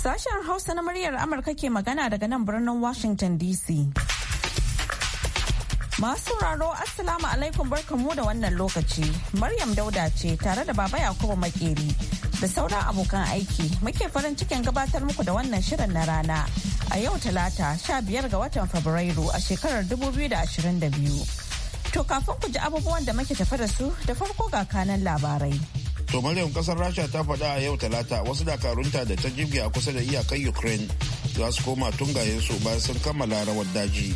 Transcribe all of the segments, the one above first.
Sashen Hausa na muryar Amurka ke magana daga nan birnin Washington DC. Masu raro Assalamu alaikum barkamu da wannan lokaci. Maryam Dauda ce tare da Baba Yakubu Makeri da sauran abokan aiki muke farin cikin gabatar muku da wannan shirin na rana. A yau Talata sha biyar ga watan Fabrairu a shekarar 2022. To kafin ku ji abubuwan da muke tafi da su da farko ga kanan labarai. to maryam kasar rasha ta faɗa a yau talata wasu dakarunta da ta jibge a kusa da iyakar ukraine za su koma tungayensu bayan sun kammala rawar daji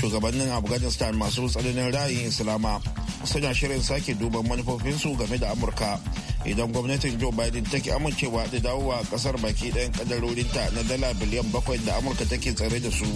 shugabannin afghanistan masu tsananin ra'ayin islama suna shirin sake duban manufofinsu game da amurka idan gwamnatin joe biden ta take amincewa da dawowa kasar baki ɗayan kadarorinta na dala biliyan bakwai da amurka take tsare da su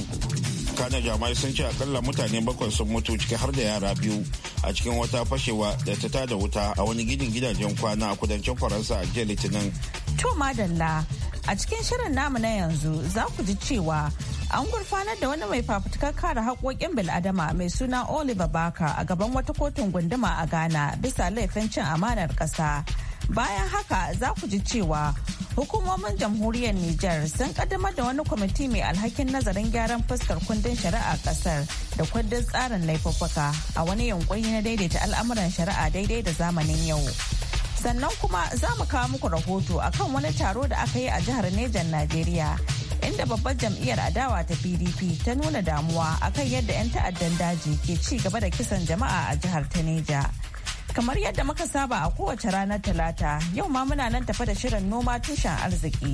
kana jam'ai sun ce akalla mutane bakwai sun mutu ciki har da yara biyu a cikin wata fashewa da ta tada wuta a wani ginin gidajen kwana a kudancin faransa a jiya litinin to madalla a cikin shirin namu na yanzu za ku ji cewa an gurfanar da wani mai fafutukar kare haƙoƙin bil'adama mai suna oliver baka a gaban wata kotun gunduma a ghana bisa laifin cin amanar ƙasa Bayan haka za ku ji cewa hukumomin jamhuriyar Nijar sun kaddamar da wani kwamiti mai alhakin nazarin gyaran fuskar kundin shari'a kasar da kundin tsarin laifuffuka a wani yankuri na daidaita al'amuran shari'a daidai da zamanin yau. Sannan kuma za mu kawo muku rahoto akan wani taro da aka yi a jihar Nejan Najeriya inda babbar jam'iyyar adawa ta PDP ta nuna damuwa akan yadda 'yan ta'addan daji ke ci gaba da kisan jama'a a jihar ta Neja. Kamar yadda muka saba a kowace ranar Talata, yau ma muna nan tafa da shirin noma tushen arziki,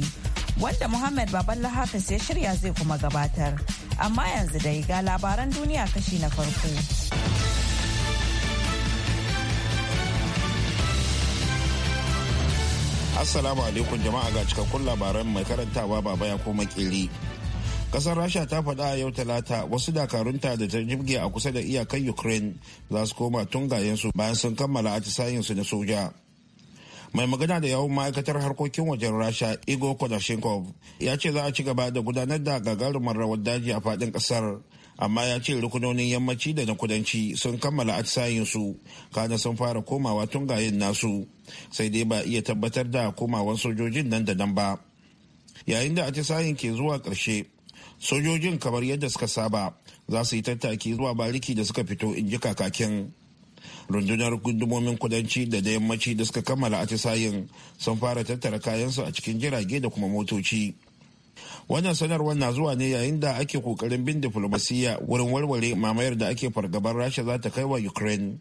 wanda Muhammad Baban Lahafis ya shirya zai kuma gabatar. Amma yanzu dai ga labaran duniya kashi na farko. Assalamu alaikum jama'a ga cikakkun labaran mai karantawa baba ya koma kiri. kasar rasha ta faɗa a yau talata wasu dakarunta da ta jibge a kusa da iyakan ukraine za su koma tungayensu bayan sun kammala atisayensu na soja mai magana da yawon ma'aikatar harkokin wajen rasha igor kodashenkov ya ce za a ci gaba da gudanar da gagarumar rawar daji a faɗin ƙasar amma ya ce rukunonin yammaci da na kudanci sun kammala atisayensu kana sun fara komawa tungayen nasu sai dai ba iya tabbatar da komawan sojojin nan da nan ba yayin da atisayen ke zuwa ƙarshe sojojin kamar yadda suka saba za su yi tattaki zuwa bariki da suka fito in ji kakakin rundunar gundumomin kudanci da da yammaci da suka kammala atisayin sun fara tattara kayansu a cikin jirage da kuma motoci wannan sanarwar na zuwa ne yayin da ake kokarin bin diflomasiyya wurin warware mamayar da ake fargabar rasha za ta kai wa ukraine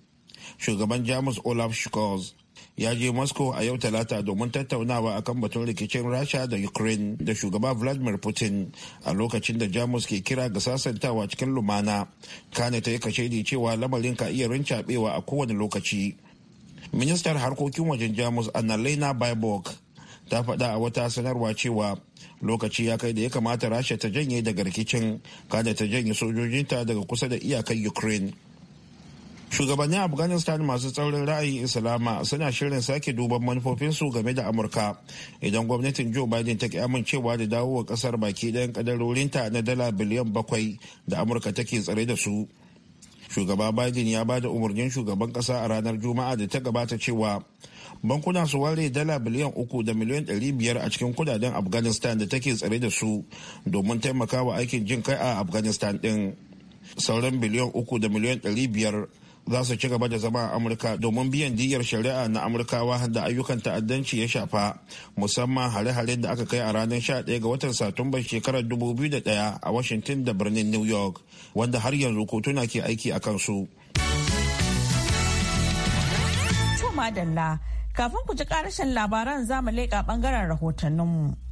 shugaban jamus olaf scholz ya je moscow a yau talata domin tattaunawa a kan batun rikicin rasha da ukraine da shugaba vladimir putin a lokacin da jamus ke kira ga sasantawa cikin lumana kane ta yi kashe kashedi cewa lamarin ka iya rincaɓewa a kowane lokaci ministar harkokin wajen jamus annalena baibok ta faɗa a wata sanarwa cewa lokaci ya kai da ya kamata rasha ta janye daga rikicin kada ta janye sojojinta daga kusa da iyakar ukraine shugabannin afghanistan masu tsaurin ra'ayin islama suna shirin sake duban manufofinsu game da amurka idan gwamnatin joe biden ta ki amincewa da dawowa kasar baki ɗayan kadarorinta na dala biliyan bakwai da amurka take tsare da su shugaba biden ya ba da umarnin shugaban kasa a ranar juma'a da ta gabata cewa bankuna su ware dala biliyan uku da miliyan ɗari biyar a cikin kudaden afghanistan da take tsare da su domin taimakawa aikin jin kai a afghanistan ɗin sauran biliyan uku da miliyan ɗari biyar za su ci gaba da zama a amurka domin biyan diyyar shari'a na amurkawa da ayyukan ta'addanci ya shafa musamman hare-haren da aka kai a ranar 11 ga watan satumbar shekarar 2001 a washington da birnin new york wanda har yanzu kotuna ke aiki a kansu kafin ku ji karashin labaran za zamu leƙa bangaren rahotanninmu.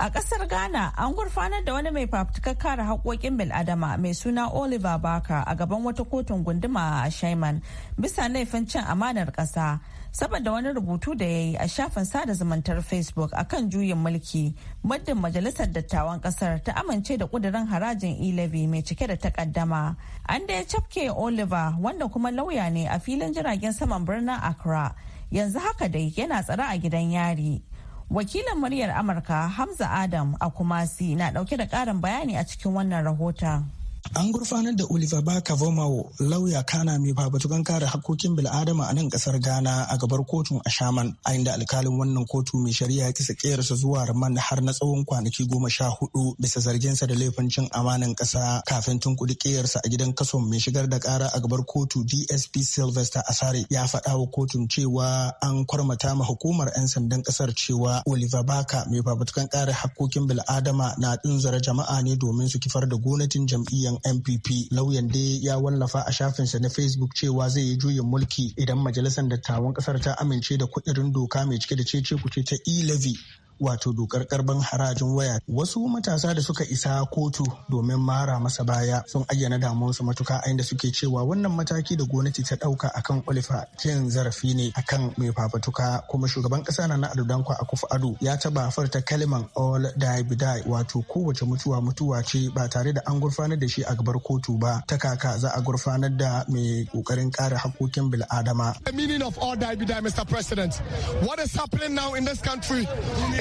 A ƙasar Ghana an gurfanar da wani mai fafutukar kare haƙoƙin bil'adama mai suna Oliver Baka a gaban wata kotun gunduma a Shaiman bisa laifin cin amanar ƙasa saboda wani rubutu da ya yi a shafin sada zumuntar Facebook akan juyin mulki muddin majalisar dattawan Kasar, ta amince da ƙudurin harajin ilabi mai cike da takaddama. An da ya cafke Oliver wanda kuma lauya ne a filin jiragen saman birnin Accra yanzu haka dai yana tsara a gidan yari. Wakilin muryar Amurka Hamza Adam a Kumasi na dauke da karin bayani a cikin wannan rahoton. an gurfanar da oliver baka vomao lauya kana mai fafatukan kare hakokin bil'adama a nan kasar ghana a gabar kotun a shaman a inda alkalin wannan kotu mai shari'a ya kisa kerasa zuwa raman har na tsawon kwanaki goma sha hudu bisa zarginsa da laifin cin amanan kasa kafin tun kudi kiyarsa a gidan kaso mai shigar da kara a gabar kotu dsp sylvester asare ya faɗa wa kotun cewa an kwarmata ma hukumar 'yan sandan kasar cewa oliver baka mai fafatukan kare hakokin bil'adama na tsinzara jama'a ne domin su kifar da gonatin jam'iyyar NPP. Lauyan dai ya wallafa a shafinsa na Facebook cewa zai yi juyin mulki idan majalisar dattawan kasar ta amince da kudirin doka mai cike da cece kuce ta e-levy wato dokar karban harajin waya wasu matasa da suka isa kotu domin mara masa baya sun ayyana damuwarsu matuka a inda suke cewa wannan mataki da gwamnati ta dauka akan kan cin zarafi ne akan mai fafatuka kuma shugaban kasa na ado danko kufu ado ya taba farta kaliman all die be die wato kowace mutuwa mutuwa ce ba tare da an gurfanar da shi a gabar kotu ba ta kaka za a gurfanar da mai kokarin kare hakokin bil'adama. The meaning of all die be die Mr. President. What is happening now in this country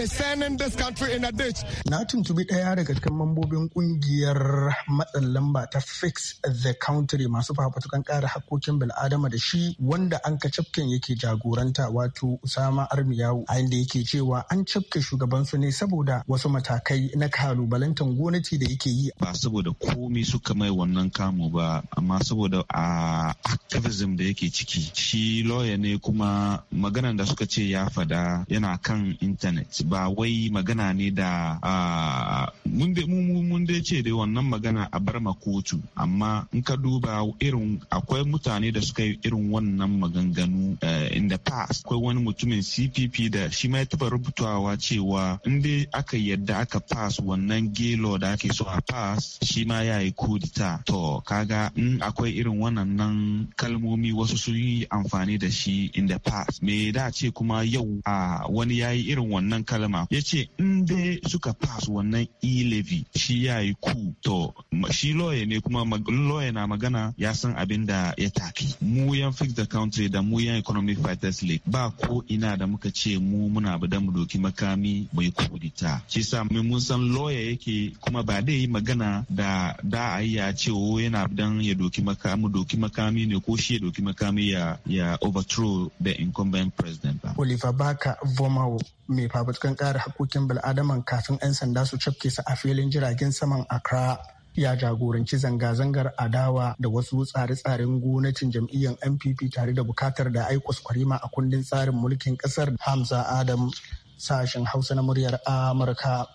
sending this country in a ditch. Na tuntubi ɗaya daga cikin mambobin ƙungiyar matsan lamba ta Fix the Country masu fafatukan ƙara hakkokin bil'adama da shi wanda an ka cafken yake jagoranta wato Usama Armiyawu a inda yake cewa an cafke shugabansu ne saboda wasu matakai na kalubalantan gwamnati da yake yi. Ba saboda komi suka mai wannan kamu ba amma saboda a activism da yake ciki shi lawyer ne kuma maganan da suka ce ya fada yana kan intanet ba ba wai magana ne da mun dai ce da wannan magana a bar ma kotu amma in ka duba irin akwai mutane da suka yi irin wannan maganganu eh, in the past akwai wani mutumin cpp da shi ma ya taba rubutawa cewa in dai aka yadda aka pass wannan gelo da ake so a pass shi ma ya yi kudita to kaga in akwai irin wannan kalmomi wasu sun yi amfani da shi in the past me da ce kuma yau a wani ya yi irin wannan kalmomi kalma ya ce in dai suka pass wannan e-levy shi ya yi ku to shi lawyer ne kuma lawyer na magana ya san abin da ya taki mu yan fix the country da mu yan economic fighters league ba ko ina da muka ce mu muna da mu doki makami mai kudita shi sa mun san lawyer yake kuma ba dai magana da da ayya ce o oh, yana dan ya doki makami doki makami ne ko shi ya doki makami ya ya overthrow the incumbent president ba. Oliver Baka Vomawo mai fafutukan matakan kare hakokin bil'adaman kafin 'yan sanda su cafke su a filin jiragen saman accra ya jagoranci zanga-zangar adawa da wasu tsare-tsaren gwamnatin jam'iyyar npp tare da bukatar da ai kwaskwarima a kundin tsarin mulkin kasar hamza adam sashen hausa na muryar amurka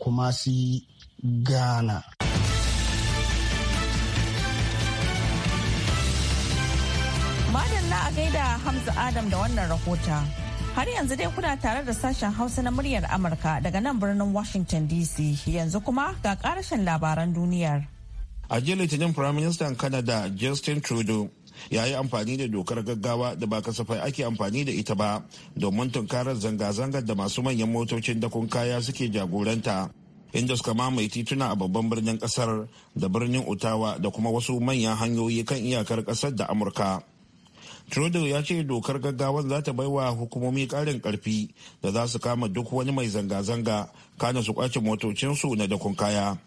kuma si ghana madalla a gaida hamza adam da wannan rahota Har yanzu dai kuna tare da sashen Hausa na muryar Amurka daga nan birnin Washington DC yanzu kuma ga karashen labaran duniyar. A jiya Litinin Firaministan Canada Justin Trudeau ya yi amfani da dokar gaggawa da ba kasafai ake amfani da ita ba domin tunkarar zanga-zangar da masu manyan motocin dakon kaya suke jagoranta inda suka mamaye tituna a babban birnin kasar da birnin utawa da kuma wasu manyan hanyoyi kan iyakar kasar da amurka Trudeau ya ce dokar gaggawar za ta baiwa hukumomi ƙarin ƙarfi da za su kama duk wani mai zanga-zanga kana su kwace motocinsu na dakon kaya.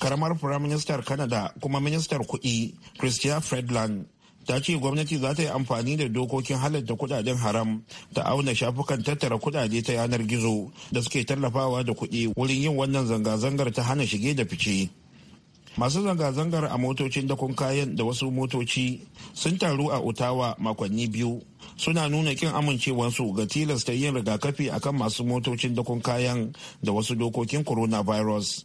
Karamar Firaministar Canada kuma Ministar Kuɗi Christian Fredland ta ce gwamnati za ta yi amfani da dokokin halatta kudaden haram ta auna shafukan tattara kudade ta yanar gizo da suke tallafawa da kuɗi wurin yin wannan zanga-zangar ta hana shige da fice. masu zanga-zangar a motocin dakon kayan da wasu motoci sun taru a otawa makonni biyu suna nuna kin amincewarsu ga tilasta yin rigakafi a kan masu motocin dakon kayan da wasu dokokin coronavirus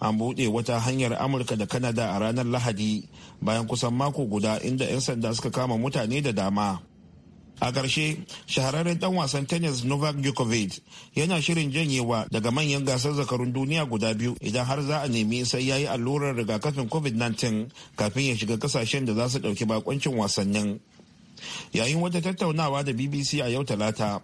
an buɗe wata hanyar amurka da kanada a ranar lahadi bayan kusan mako guda inda 'yan sanda suka kama mutane da dama a ƙarshe shahararren dan wasan tennis novak djokovic yana shirin janyewa daga manyan gasar zakarun duniya guda biyu idan har za a nemi sai ya yi allurar rigakafin covid-19 kafin ya shiga kasashen da za su ɗauki bakoncin wasannin yayin wata tattaunawa da bbc a yau talata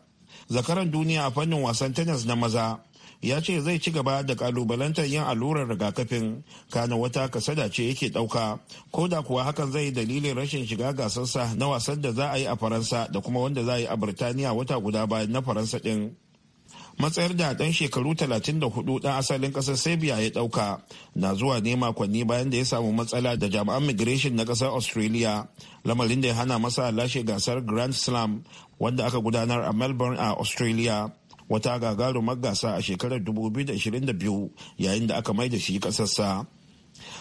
zakaran duniya a fannin wasan tennis na maza ya ce zai ci gaba da kalubalantar yin allurar rigakafin kana wata kasada ce yake dauka ko da kuwa hakan zai dalilin rashin shiga gasarsa na wasan da za a yi a faransa da kuma wanda za a yi a birtaniya wata guda bayan na faransa din matsayar da dan shekaru 34 dan asalin kasar serbia ya dauka na zuwa ne makonni bayan da ya samu matsala da jami'an migration na kasar australia lamarin da ya hana masa lashe gasar grand slam wanda aka gudanar a melbourne a australia wata gagarumar gasa a shekarar 2022 yayin da aka mai da shi kasarsa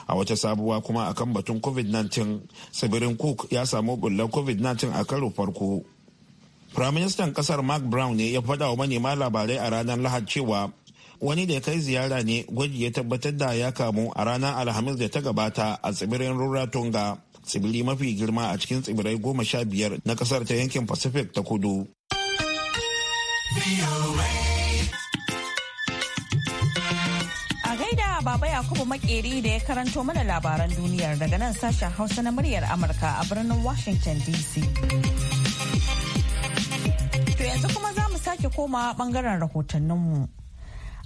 a wata sabuwa kuma a kan batun covid-19 tsibirin cook ya samu bullon covid-19 a karo farko firaministan kasar mark brown ne ya faɗa wa manema labarai a ranar lahad cewa wani da ya kai ziyara ne gwaji ya tabbatar da ya kamu a ranar alhamis da ta gabata a tsibirin rura tunga tsibiri mafi girma a cikin tsibirai goma sha biyar na kasar ta yankin pacific ta kudu A gaida Baba Yakubu Makeri da ya karanto mana labaran duniyar daga nan sashen Hausa na muryar Amurka a birnin Washington DC. To yanzu kuma za mu sake koma bangaren rahotanninmu.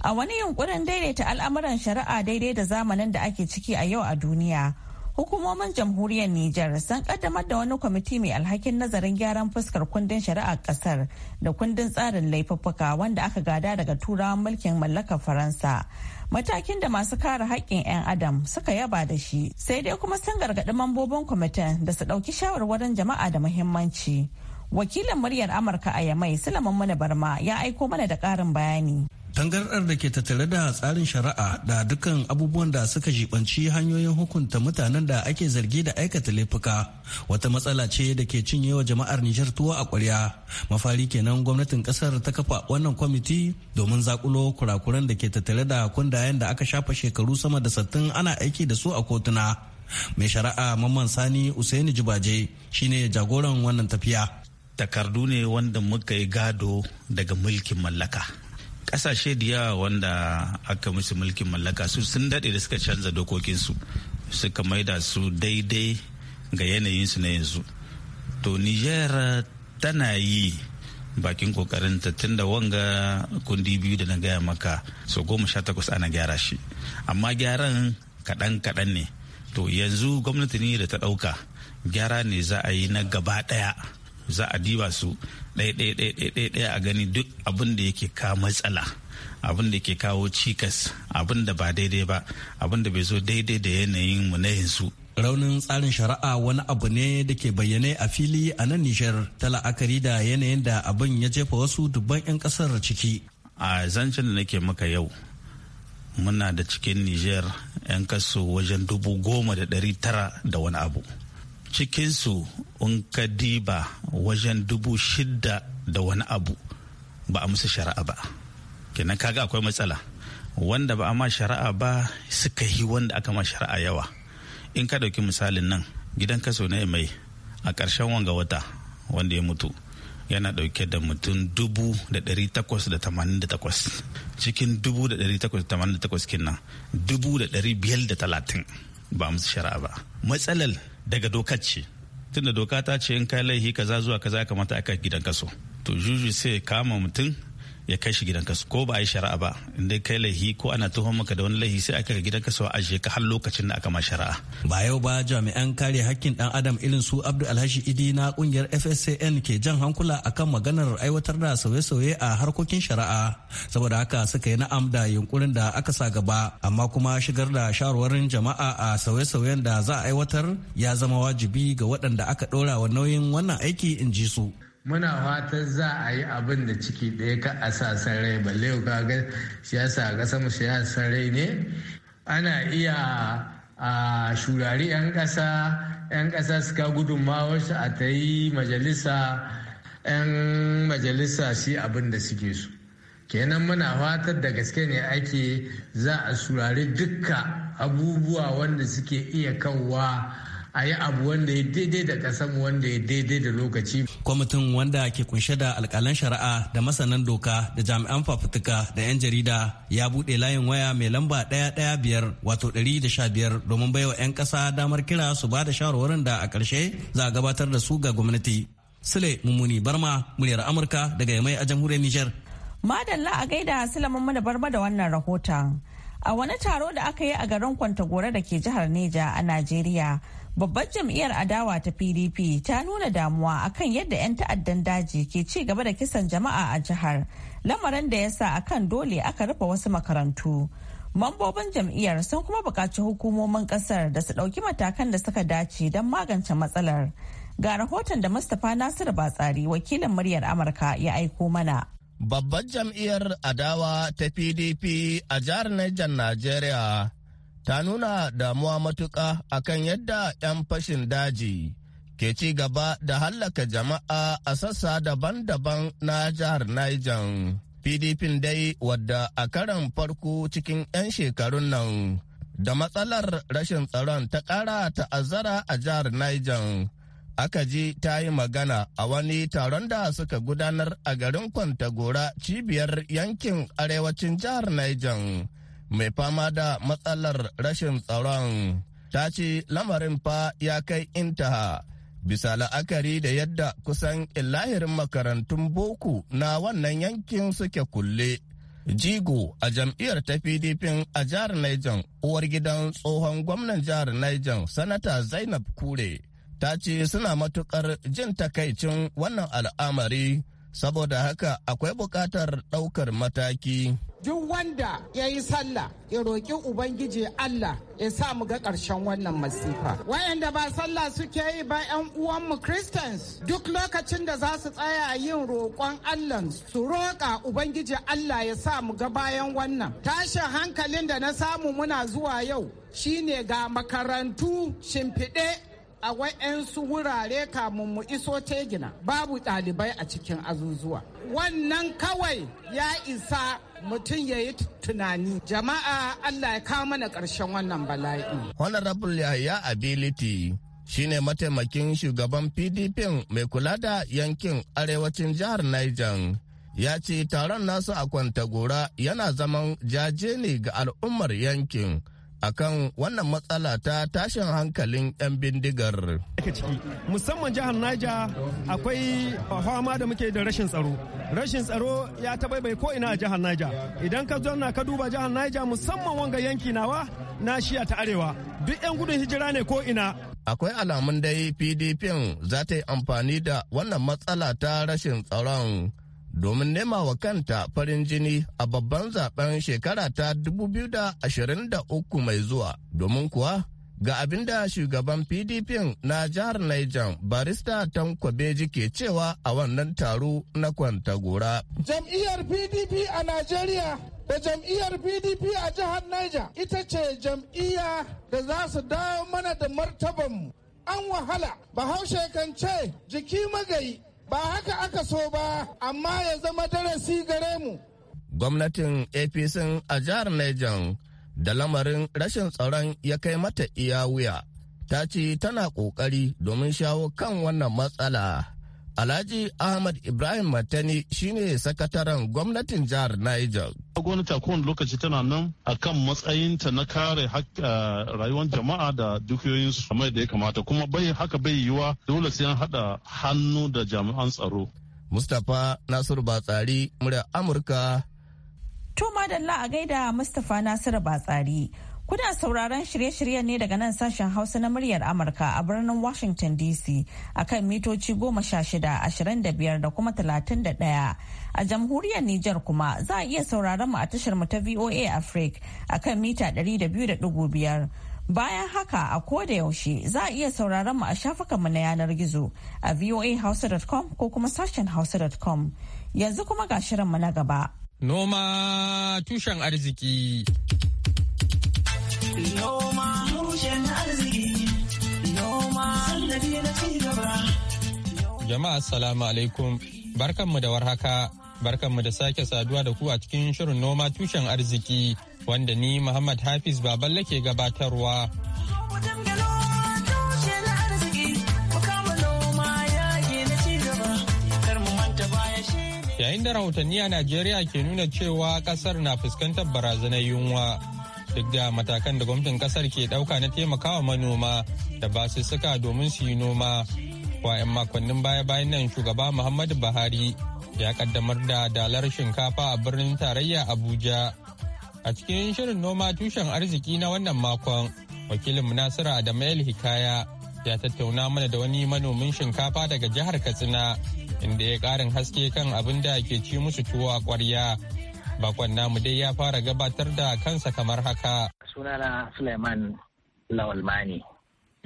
A wani yunkurin daidaita al'amuran shari'a daidai da zamanin da ake ciki a yau a duniya. Hukumomin jamhuriyar Nijar sun kaddamar da wani kwamiti mai alhakin nazarin gyaran fuskar kundin shari'a kasar da kundin tsarin laifuffuka wanda aka gada daga turawan mulkin mallakar Faransa. Matakin da masu kare haƙƙin 'yan adam suka yaba da shi sai dai kuma sun gargaɗi mambobin kwamitin da su ɗauki shawarwarin jama'a da muhimmanci. Wakilin muryar Amurka a Yamai Sulaiman muna Barma ya aiko mana da ƙarin bayani. Tangardar da ke tattare da tsarin shari'a da dukkan abubuwan da suka jibanci hanyoyin hukunta mutanen da ake zargi da aikata laifuka wata matsala ce da ke cinyewa jama'ar Nijar tuwo a kwarya. Mafari kenan gwamnatin kasar ta kafa wannan kwamiti domin zakulo kurakuran da ke tattare da kundayen da aka shafa shekaru sama da sattin ana aiki da su a kotuna. Mai shari'a Mamman Sani Usaini Jibaje shine jagoran wannan tafiya. Takardu ne wanda muka yi gado daga mulkin mallaka. kasashe da yawa wanda aka musu mulkin mallaka su sun daɗe da suka canza dokokinsu suka maida su daidai ga yanayinsu na yanzu to niger tana yi bakin kokarin tun da wanga kundi biyu da na gaya maka so goma sha takwas ana gyara shi amma gyaran kaɗan kaɗan ne to yanzu gwamnati ne da ta ɗauka gyara ne za a yi na gaba ɗaya za a diba su ɗaya a gani duk abin da yake kawo matsala abin da ke kawo cikas abin da ba daidai ba abin da bai zo daidai da yanayin mu na yanzu raunin tsarin shari'a wani abu ne da ke bayyane a fili a nan nishar ta la'akari da yanayin da abin ya jefa wasu dubban 'yan kasar ciki a zancen da nake maka yau muna da cikin nijar 'yan kaso wajen dubu goma da dari tara da wani abu cikinsu in ka diba wajen dubu shida da wani abu ba a musu shari'a ba kenan kaga akwai matsala wanda ba a ma shari'a ba suka yi wanda aka ma shari'a yawa in ka ɗauki misalin nan gidan kaso na mai a ƙarshen wanga wata wanda ya mutu yana ɗauke da mutum dubu da ɗari takwas da tamanin da takwas cikin dubu da ɗari takwas da tamanin da takwas kinnan dubu da ɗari biyar da talatin ba musu shari'a ba matsalar daga dokar ce tunda doka ta ce in kai laihi kaza zuwa kaza kamata aka gidan kaso to juju sai kama mutum ya kai shi gidan kasu ko ba a yi shari'a ba inda kai laihi ko ana tuhon maka da wani laihi sai aka ga gidan kasu a ka har lokacin da aka ma shari'a ba yau ba jami'an kare hakkin dan adam irin su abdu alhashi idi na kungiyar fscn ke jan hankula akan maganar aiwatar da sauye-sauye a harkokin shari'a saboda haka suka yi na'am da yunkurin da aka sa gaba amma kuma shigar da shawarwarin jama'a a sauye-sauyen da za a aiwatar ya zama wajibi ga waɗanda aka ɗora wa nauyin wannan aiki in ji su muna fatan za a yi abin da ciki ɗaya ka a sa sarai balle ka ga siyasa a ƙasa mu siyasa rai ne ana iya a shurari 'yan ƙasa 'yan ƙasa suka gudunmawarsu a ta yi majalisa 'yan majalisa shi abin da suke su kenan muna fatar da gaske ne ake za a surari duka abubuwa wanda suke iya kawwa a yi abu wanda ya daidai da kasan wanda ya daidai da lokaci. Kwamitin wanda ke kunshe da alkalan shari'a da masanan doka da jami'an fafutuka da 'yan jarida ya buɗe layin waya mai lamba ɗaya daya biyar wato ɗari da sha biyar domin baiwa 'yan ƙasa damar kira su ba da shawarwarin da a ƙarshe za a gabatar da su ga gwamnati. Sule Mummuni Barma, muryar Amurka daga Yamai a jamhuriyar Nijar. Madalla a gaida Sule Mummuni Barma da wannan rahoton. A wani taro da aka yi a garin Kwantagore da ke jihar Neja a Najeriya, babbar jam'iyyar adawa ta pdp ta nuna damuwa akan yadda 'yan ta'addan daji ke ci gaba da kisan jama'a a jihar lamarin da ya sa akan dole aka rufe wasu makarantu mambobin jam'iyyar sun kuma buƙaci hukumomin ƙasar da su ɗauki matakan da suka dace don magance matsalar ga rahoton da mustapha nasiru batsari wakilin muryar amurka ya aiko mana babbar jam'iyyar adawa ta pdp a jihar niger najeriya ta nuna damuwa matuƙa akan yadda 'yan fashin daji ke ci gaba da hallaka jama'a a sassa daban-daban na jihar Niger. PDP dai wadda a karan farko cikin 'yan shekarun nan da matsalar rashin tsaron ta ƙara ta'azzara a jihar Niger. Aka ji ta yi magana a wani taron da suka gudanar a garin Kwantagora cibiyar yankin arewacin jihar Niger. mai fama da matsalar rashin tsaron ta ce lamarin fa ya kai intaha bisa la'akari da yadda kusan illahirin makarantun boko na wannan yankin suke kulle jigo a jam'iyyar ta pdp a jihar niger uwar gidan tsohon gwamnan jihar niger sanata zainab kure ta ce suna matukar jin takaicin wannan al'amari saboda haka akwai buƙatar ɗaukar mataki. Duk wanda ya yi sallah ya roƙi Ubangiji Allah ya sa mu ga ƙarshen wannan masifa. Wayanda ba sallah suke yi ba 'yan mu Christians duk lokacin da za su tsaya yin roƙon Allah su roƙa Ubangiji Allah ya sa mu ga bayan wannan. Tashin hankalin da na samu muna zuwa yau shine ga makarantu shimfiɗe a wa'yansu wurare kamun mu iso tegina babu ɗalibai a cikin azuzuwa. Wannan kawai ya isa mutum ya yi tunani jama'a Allah ya kawo mana ƙarshen wannan bala'i. Honorable Yahya Ability shine mataimakin shugaban PDP mai kula da yankin arewacin jihar Niger. ya ce taron nasu a kwantagora yana zaman jaje ne ga al'ummar yankin. akan wannan matsala ta tashin hankalin 'yan bindigar. Musamman jihar Naija akwai fama da muke da rashin tsaro. Rashin tsaro ya tabaibai ko ina a jihar Naija. Idan ka zauna ka duba jihar Naija musamman wanga yanki nawa na shiya ta arewa. Duk 'yan gudun hijira ne ko ina. Akwai alamun dai PDP za ta yi amfani da wannan matsala ta rashin tsaron. domin nema wa kanta farin jini a babban zaben shekara ta 2023 mai zuwa domin kuwa ga abin da shugaban pdp na jihar Niger barista tanko beji ke cewa a wannan taro na kwanta gora. jam'iyyar pdp a najeriya da jam'iyyar pdp a jihar Niger ita ce jam'iyya da za su dawo mana da martabanmu an wahala bahaushe kan ce jiki magayi ba haka aka so ba amma ya zama darasi gare mu gwamnatin apc a jihar Niger da lamarin rashin tsaron ya kai mata iya wuya ta ce tana ƙoƙari domin shawo kan wannan matsala Alhaji Ahmad Ibrahim Matani shine sakataren gwamnatin jihar Niger. Gwamnati a kowane lokaci tana nan a matsayin matsayinta na kare rayuwar jama'a da dukiyoyinsu kamar da ya kamata kuma bai haka bai yiwa dole sai an haɗa hannu da jami'an tsaro. Mustapha Nasiru Batsari, murya Amurka. To madalla a gaida Mustapha Nasiru Batsari. Kuna sauraron shirye-shiryen ne daga nan sashen Hausa na muryar Amurka a birnin Washington DC a kan mitoci goma sha shida, ashirin da biyar da kuma talatin da ɗaya. A jamhuriyar Nijar kuma za a iya sauraron mu a tashar mu ta VOA Africa a kan mita ɗari da biyu da ɗigo biyar. Bayan haka a koda yaushe za a iya sauraron mu a mu na yanar gizo a voahausa.com ko kuma sashen hausa.com. Yanzu kuma ga shirin mu na gaba. Noma tushen arziki. Noma tushen arziki. Noma sannadi na cigaba. Jama'a salamu alaikum. Barkanmu da warhaka. Barkanmu da sake saduwa da ku a cikin shirin noma tushen arziki wanda ni Muhammad Hafiz Baballe ke gabatarwa. Yayin da rahotanni a Najeriya ke nuna cewa kasar na fuskantar barazanar yunwa. duk da matakan da gwamnatin kasar ke ɗauka na taimakawa manoma da suka domin su yi noma. 'yan makonnin baya-bayan nan shugaba Muhammadu Buhari ya kaddamar da dalar shinkafa a birnin tarayya Abuja. A cikin shirin noma tushen arziki na wannan makon, wakilin Nasiru Adamayel Hikaya ya tattauna mana da wani manomin shinkafa daga jihar Katsina inda ya karin haske kan abin da ke ci musu tuwo a kwarya. Bakon namu dai ya fara gabatar da kansa kamar haka. Sunana Suleiman Lawalmani.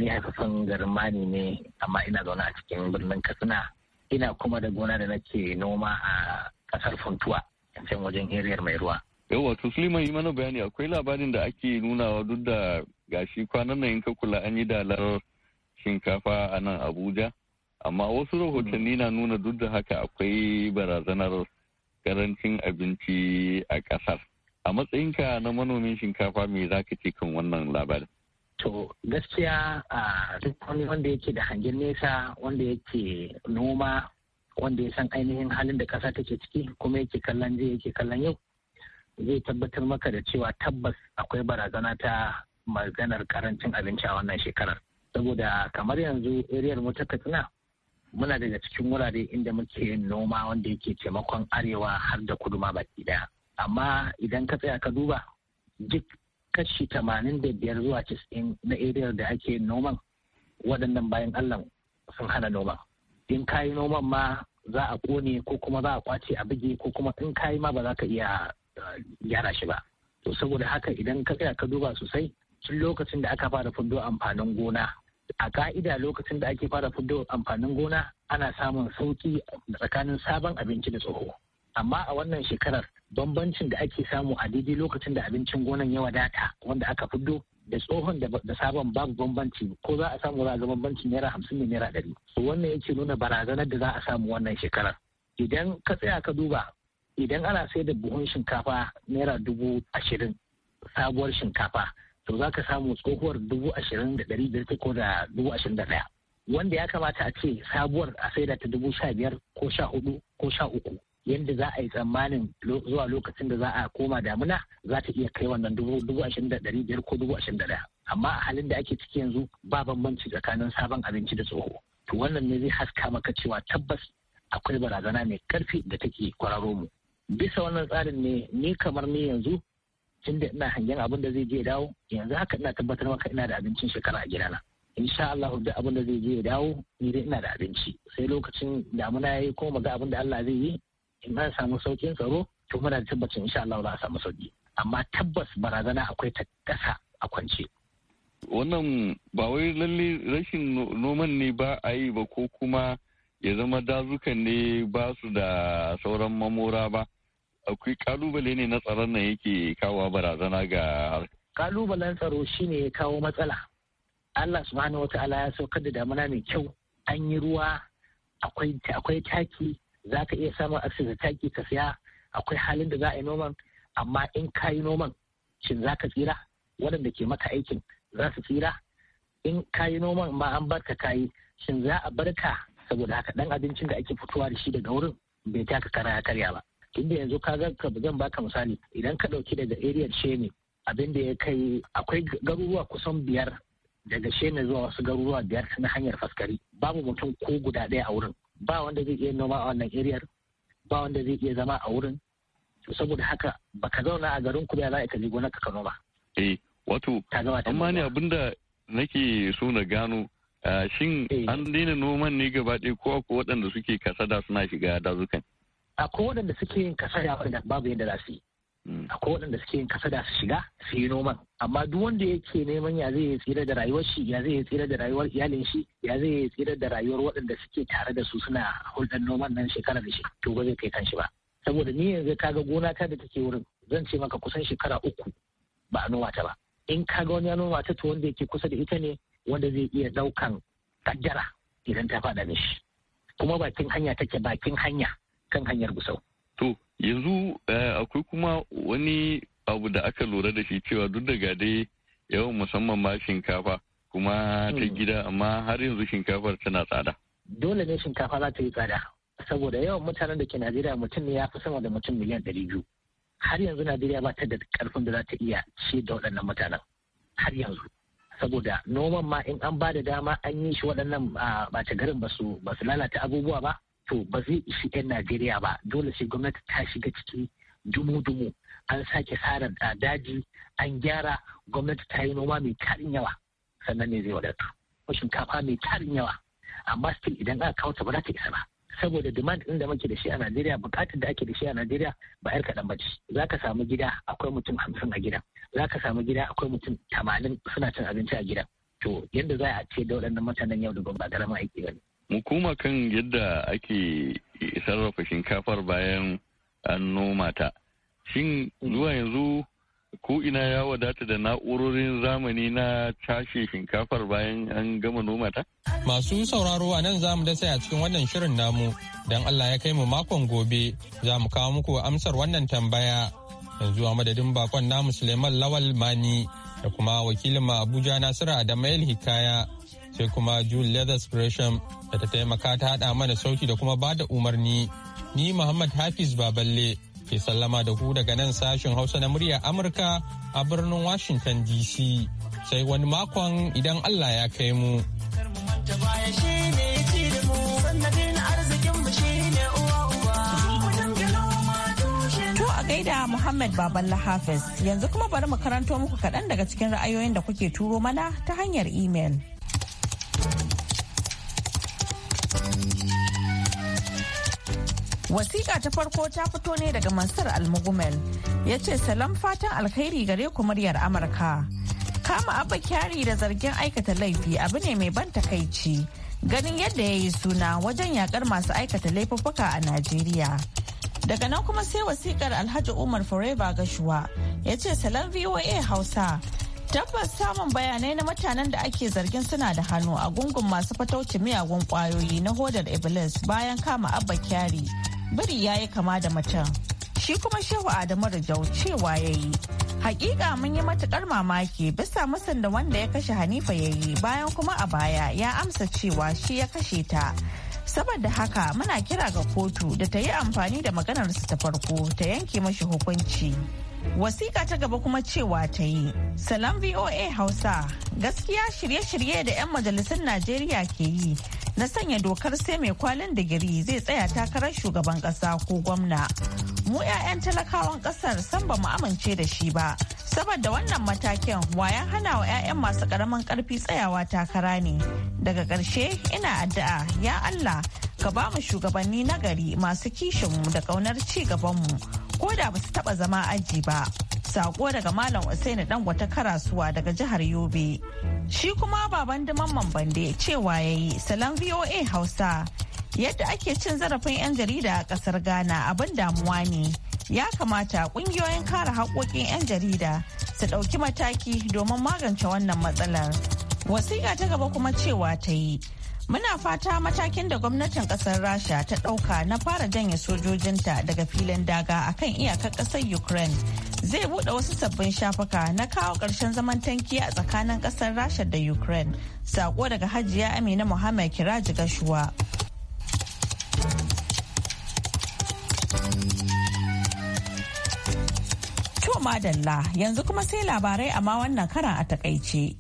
Ni haifafan garin Mani ne amma ina zaune a cikin birnin Katsina. Ina kuma da gona da nake noma a kasar Funtuwa, can wajen eriyar mai ruwa. Yau wato Suleiman yi mana bayani akwai labarin da ake nunawa duk da gashi kwanan nan in ka kula an yi dalar shinkafa a nan Abuja. Amma wasu rahotanni na nuna duk da haka akwai barazanar karancin abinci a ƙasar. A matsayinka na manomin shinkafa me za ka ce kan wannan labarin? To gaskiya a duk wani wanda yake da hangen nesa wanda yake noma wanda ya san ainihin halin da ƙasa take ciki kuma yake kallon zai yake kallon yau zai tabbatar maka da cewa tabbas akwai barazana ta maganar karancin abinci a wannan shekarar. Saboda kamar yanzu eriyar mu ta Katsina muna daga cikin wurare inda muke noma wanda yake taimakon arewa har da kudu ma baki daya amma idan ka tsaya ka duba duk kashi tamanin da biyar zuwa casa'in na area da ake noman waɗannan bayan allah sun hana noman in ka yi noman ma za a kone ko kuma za a kwace a bige, ko kuma in ka yi ma ba za ka iya eh, gyara shi ba to saboda haka idan ka tsaya ka duba sosai tun lokacin da aka fara fundo amfanin gona a ka'ida lokacin da ake fara fidda amfanin gona ana samun sauki tsakanin sabon abinci da tsoho amma a wannan shekarar bambancin da ake samu a daidai lokacin da abincin gonan ya wadata wanda aka fiddo da tsohon da sabon babu bambanci ko za a samu za a ga bambancin naira hamsin da naira ɗari wannan yake nuna barazanar da za a samu wannan shekarar idan ka tsaya ka duba idan ana sai da buhun shinkafa naira dubu ashirin sabuwar shinkafa to za ka samu tsohuwar dubu ashirin da ɗari biyar ko da dubu ashirin da ɗaya wanda ya kamata a ce sabuwar a saida ta dubu sha biyar ko sha hudu ko sha uku yadda za a yi tsammanin zuwa lokacin da za a koma damuna za ta iya kai wannan dubu ashirin da ɗari biyar ko dubu ashirin da ɗaya amma a halin da ake ciki yanzu ba bambanci tsakanin sabon abinci da tsoho to wannan ne zai haska maka cewa tabbas akwai barazana mai karfi da take kwararo mu bisa wannan tsarin ne ni kamar ni yanzu da ina hangen abin da zai je ya dawo yanzu haka ina tabbatar maka ina da abincin shekara a gidana insha Allah da abin da zai je ya dawo ni dai ina da abinci sai lokacin damuna yayi ko ga abin da Allah zai yi in an samu saukin tsaro to muna da tabbacin insha Allah za a samu sauki amma tabbas barazana akwai ta kasa a kwance wannan ba wai lalle rashin noman ne ba a yi ba ko kuma ya zama dazukan ne ba su da sauran mamora ba akwai kalubale ne na tsaron nan yake kawo barazana ga kalubalen tsaro shine ya kawo matsala Allah subhanahu wata'ala ya saukar da damuna mai kyau an yi ruwa akwai taki za ka iya samun access da taki ka siya akwai halin da za a yi noman amma in ka yi noman shin za ka tsira waɗanda ke maka aikin za su tsira in ka yi noman ma an barka ka yi shin za a barka saboda haka ɗan abincin da ake fitowa da shi daga wurin bai taka kara ya karya ba inda yanzu ka ga zan baka misali idan ka ɗauki daga area shene abin da ya kai akwai garuruwa kusan biyar daga shene zuwa wasu garuruwa biyar na hanyar faskari babu mutum ko guda ɗaya a wurin ba wanda zai iya noma a wannan area ba wanda zai iya zama a wurin saboda haka baka zauna a garin ku ba za ka je gonar ka noma eh wato amma ne abinda nake so na gano ah, shin eh. an daina noman ne gaba ɗaya ko ko waɗanda suke kasada suna shiga dazukan akwai waɗanda suke yin kasada waɗanda babu yadda za su yi hmm. akwai waɗanda suke yin kasada su shiga su yi noman amma duk wanda yake neman ya zai tsira da rayuwar shi ya zai tsira da rayuwar iyalin shi ya zai tsira da rayuwar waɗanda suke tare da su suna hulɗar noman nan shekara da shi to ba zai kai kanshi ba saboda ni yanzu kaga gona ta da take wurin zan ce maka kusan shekara uku ba a noma ta ba in kaga wani ya noma ta to wanda yake kusa da ita ne wanda zai iya ɗaukan kaddara idan ta faɗa mishi kuma bakin hanya take bakin hanya kan hanyar gusau. To yanzu eh, akwai kuma wani abu da aka lura da shi cewa duk da gade yawan musamman ma shinkafa kuma ta hmm. gida amma har yanzu shinkafar tana tsada. Dole ne shinkafa za ta yi tsada saboda yawan mutanen da ke Najeriya mutum ne ya fi sama da mutum miliyan ɗari biyu. Har yanzu Najeriya ba ta da ƙarfin da za ta iya ce da waɗannan mutanen har yanzu. Saboda noman ma in an ba da dama an yi shi waɗannan ah, ta garin ba su lalata abubuwa ba to ba zai ishi 'yan najeriya ba dole sai gwamnati ta shiga ciki dumu-dumu an sake tsara daji an gyara gwamnati ta yi noma mai tarin yawa sannan ne zai wadatu ko shinkafa mai tarin yawa amma still idan aka kawo ta ba za ta isa ba saboda demand din da muke da shi a Najeriya bukatar da ake da shi a Najeriya ba yar kadan ba ce zaka samu gida akwai mutum hamsin a gida. za samu gida akwai mutum tamanin suna cin abinci a gida. to yadda za a ce da waɗannan mutanen yau da gobe ba ƙaramin aiki ba ne mu kuma kan yadda ake sarrafa shinkafar bayan an noma ta shin zuwa yanzu ko ina ya wadata da na'urorin zamani na tashe shinkafar bayan an gama noma ta? Masu sauraro a nan zamu dasa a cikin wannan shirin namu don Allah ya kai mu makon gobe za mu kawo muku amsar wannan tambaya. Yanzu a madadin bakon namu Suleiman Lawal Mani da kuma wakilin Abuja Nasiru Adamayel Hikaya sai kuma Jule Leathers Gresham da ta taimaka ta hada mana sauki da kuma bada umarni. Ni Muhammad Hafiz Baballe ke sallama da ku daga nan sashen Hausa na murya Amurka a birnin Washington DC. Sai wani makon idan Allah ya kai mu. gaida Muhammad Baballa Hafiz yanzu kuma bari mu karanto muku kaɗan daga cikin ra'ayoyin da kuke turo mana ta hanyar imel. Wasiƙa ta farko ta fito ne daga mansar Almugumel ya ce salam fatan alkhairi gare ku muryar Amurka. Kama abba kyari da zargin aikata laifi abu ne mai ban takaici ganin yadda ya yi suna wajen yakar masu aikata laifuffuka a Najeriya. Daga nan kuma sai wasiƙar Alhaji Umar Forever Gashuwa ya ce salam VOA Hausa. tabbas samun bayanai na mutanen da ake zargin suna da hannu a gungun masu fataucin miyagun kwayoyi na hodar iblis bayan kama abba kyari biri ya yi kama da macen shi kuma shehu adamu rajau cewa ya yi hakika mun yi matukar mamaki bisa musan da wanda ya kashe hanifa ya yi bayan kuma a baya ya amsa cewa shi ya kashe ta saboda haka muna kira ga kotu da ta yi amfani da maganar su ta farko ta yanke mashi hukunci wasiƙa ta gaba kuma cewa ta yi salam voa hausa gaskiya shirye-shirye da 'yan majalisun najeriya ke yi na sanya dokar sai mai kwalin digiri zai tsaya takarar shugaban kasa ko gwamna. Mu 'ya'yan talakawan kasar san ba mu amince da shi ba. Saboda wannan matakin wayan hana wa 'ya'yan masu karamin karfi tsayawa takara ne. Daga ƙarshe ina addu'a ya Allah ka ba mu shugabanni nagari masu kishinmu da ƙaunar ci gabanmu ko da ba su taɓa zama aji ba. Sako daga Malam Usaini dan wata karasuwa daga jihar Yobe. Shi kuma baban Mamman bande cewa yayi salon VOA Hausa. Yadda ake cin zarafin 'yan jarida a kasar Ghana abin damuwa ne. Ya kamata kungiyoyin kare haƙoƙin 'yan jarida su ɗauki mataki domin magance wannan matsalar. Wasiƙa ta gaba kuma cewa ta yi. Muna fata matakin da gwamnatin ƙasar Rasha ta ɗauka na fara janye sojojinta daga filin daga akan iyakar ƙasar Ukraine zai buɗe wasu sabbin shafuka na kawo ƙarshen zaman tanki a tsakanin ƙasar rasha da ukraine saƙo daga hajiya amina muhammad kiraji gashuwa to madalla yanzu kuma sai labarai amma wannan karan a takaice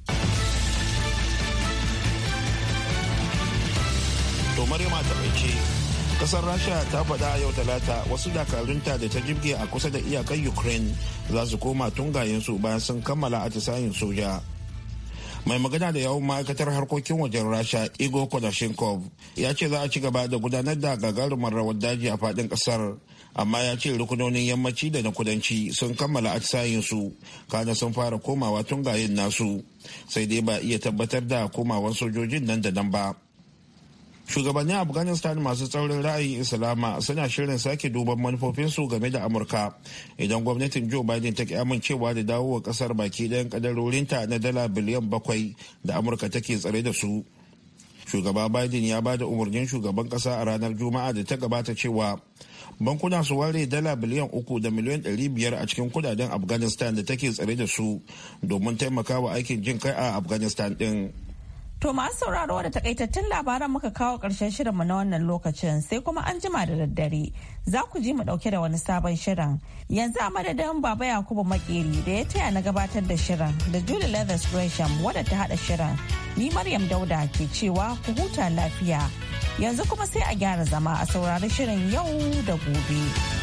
to maryama takaice kasar rasha ta faɗa a yau talata wasu dakarunta da ta jibge a kusa da iyakar ukraine za su koma tungayensu bayan sun kammala atisayin soja mai magana da yawon ma'aikatar harkokin wajen rasha igor kodashenkov ya ce za a ci gaba da gudanar da gagarumar rawar daji a fadin kasar amma ya ce rukunonin yammaci da na kudanci sun kammala su kana sun fara komawa tungayen nasu sai dai ba iya tabbatar da komawan sojojin nan da nan ba shugabannin afghanistan masu tsaurin ra'ayin islama suna shirin sake duban manufofinsu game da amurka idan gwamnatin joe biden ta ki amincewa da dawowa kasar baki ɗayan kadarorinta na dala biliyan bakwai da amurka take tsare da su shugaba biden ya ba da umarnin shugaban kasa a ranar juma'a da ta gabata cewa bankuna su ware dala biliyan uku da miliyan ɗari biyar a cikin kudaden afghanistan da take tsare da su domin taimakawa aikin jin kai a afghanistan ɗin To masu sauraro da takaitattun labaran muka kawo ƙarshen shirinmu na wannan lokacin sai kuma an jima da daddare za ku ji mu ɗauke da wani sabon shirin. Yanzu a madadin Baba Yakubu Makeri da ya taya na gabatar da shirin da Julie Leathers Gresham wadda ta haɗa shirin. Ni Maryam Dauda ke cewa ku huta lafiya. Yanzu kuma sai a gyara zama a saurari shirin yau da gobe.